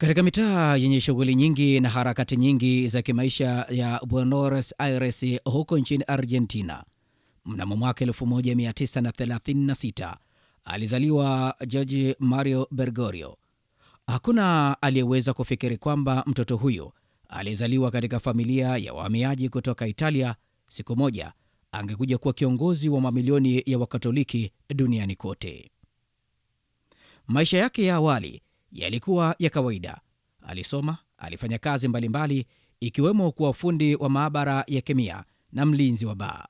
Katika mitaa yenye shughuli nyingi na harakati nyingi za kimaisha ya Buenos Aires huko nchini Argentina, mnamo mwaka 1936 alizaliwa Jorge Mario Bergoglio. Hakuna aliyeweza kufikiri kwamba mtoto huyo aliyezaliwa katika familia ya wahamiaji kutoka Italia siku moja angekuja kuwa kiongozi wa mamilioni ya Wakatoliki duniani kote. Maisha yake ya awali yalikuwa ya kawaida. Alisoma, alifanya kazi mbalimbali mbali, ikiwemo kuwa fundi wa maabara ya kemia na mlinzi wa baa,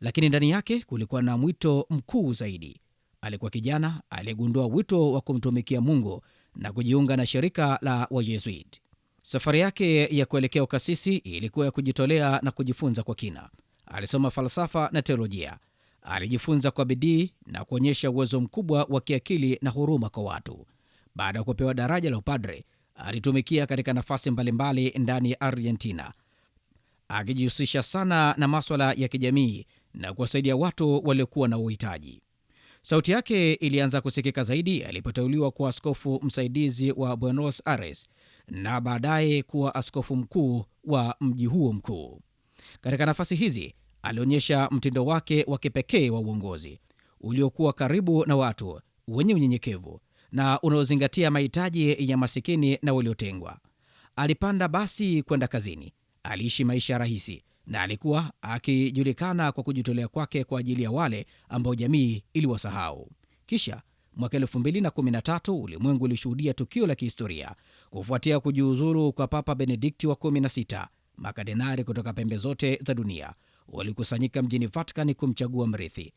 lakini ndani yake kulikuwa na mwito mkuu zaidi. Alikuwa kijana aliyegundua wito wa kumtumikia Mungu na kujiunga na shirika la Wajesuit. Safari yake ya kuelekea ukasisi ilikuwa ya kujitolea na kujifunza kwa kina. Alisoma falsafa na teolojia. Alijifunza kwa bidii na kuonyesha uwezo mkubwa wa kiakili na huruma kwa watu baada ya kupewa daraja la upadre, alitumikia katika nafasi mbalimbali ndani ya Argentina, akijihusisha sana na maswala ya kijamii na kuwasaidia watu waliokuwa na uhitaji. Sauti yake ilianza kusikika zaidi alipoteuliwa kuwa askofu msaidizi wa Buenos Aires na baadaye kuwa askofu mkuu wa mji huo mkuu. Katika nafasi hizi alionyesha mtindo wake wa kipekee wa uongozi uliokuwa karibu na watu, wenye unyenyekevu na unaozingatia mahitaji ya masikini na waliotengwa. Alipanda basi kwenda kazini, aliishi maisha rahisi na alikuwa akijulikana kwa kujitolea kwake kwa ajili ya wale ambao jamii iliwasahau. Kisha mwaka tatu ulimwengu ulishuhudia tukio la kihistoria kufuatia kujiuzuru kwa Papa Benedikti wa 16. Makadenari kutoka pembe zote za dunia walikusanyika mjini Vatican kumchagua mrithi,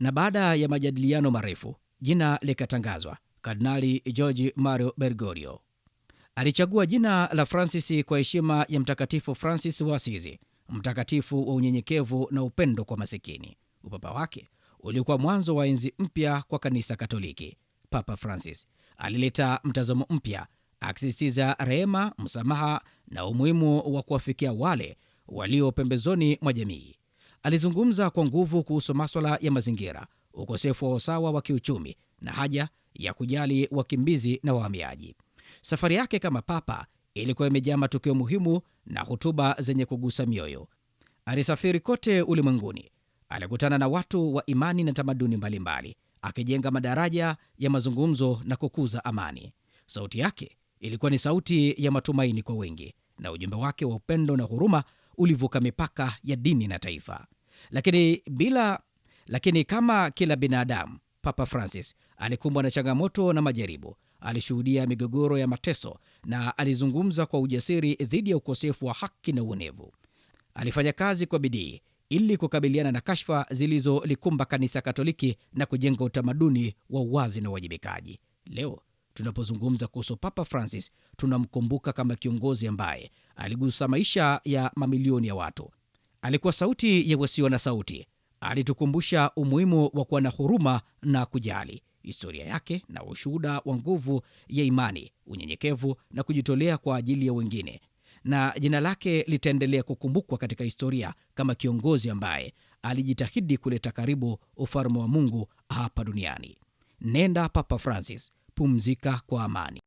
na baada ya majadiliano marefu jina likatangazwa Kardinali George Mario Bergoglio alichagua jina la Francis kwa heshima ya Mtakatifu Francis wa Asizi, mtakatifu wa unyenyekevu na upendo kwa masikini. Upapa wake uliokuwa mwanzo wa enzi mpya kwa kanisa Katoliki. Papa Francis alileta mtazamo mpya, akisisitiza rehema, msamaha na umuhimu wa kuwafikia wale walio pembezoni mwa jamii. Alizungumza kwa nguvu kuhusu maswala ya mazingira, ukosefu wa usawa wa kiuchumi na haja ya kujali wakimbizi na wahamiaji. Safari yake kama papa ilikuwa imejaa matukio muhimu na hotuba zenye kugusa mioyo. Alisafiri kote ulimwenguni, alikutana na watu wa imani na tamaduni mbalimbali, akijenga madaraja ya mazungumzo na kukuza amani. Sauti yake ilikuwa ni sauti ya matumaini kwa wengi, na ujumbe wake wa upendo na huruma ulivuka mipaka ya dini na taifa. Lakini bila lakini kama kila binadamu Papa Francis alikumbwa na changamoto na majaribu, alishuhudia migogoro ya mateso na alizungumza kwa ujasiri dhidi ya ukosefu wa haki na uonevu. Alifanya kazi kwa bidii ili kukabiliana na kashfa zilizolikumba kanisa Katoliki na kujenga utamaduni wa uwazi na uwajibikaji. Leo tunapozungumza kuhusu Papa Francis, tunamkumbuka kama kiongozi ambaye aligusa maisha ya mamilioni ya watu. Alikuwa sauti ya wasio na sauti alitukumbusha umuhimu wa kuwa na huruma na kujali. Historia yake na ushuhuda wa nguvu ya imani, unyenyekevu na kujitolea kwa ajili ya wengine, na jina lake litaendelea kukumbukwa katika historia kama kiongozi ambaye alijitahidi kuleta karibu ufalme wa Mungu hapa duniani. Nenda Papa Francis, pumzika kwa amani.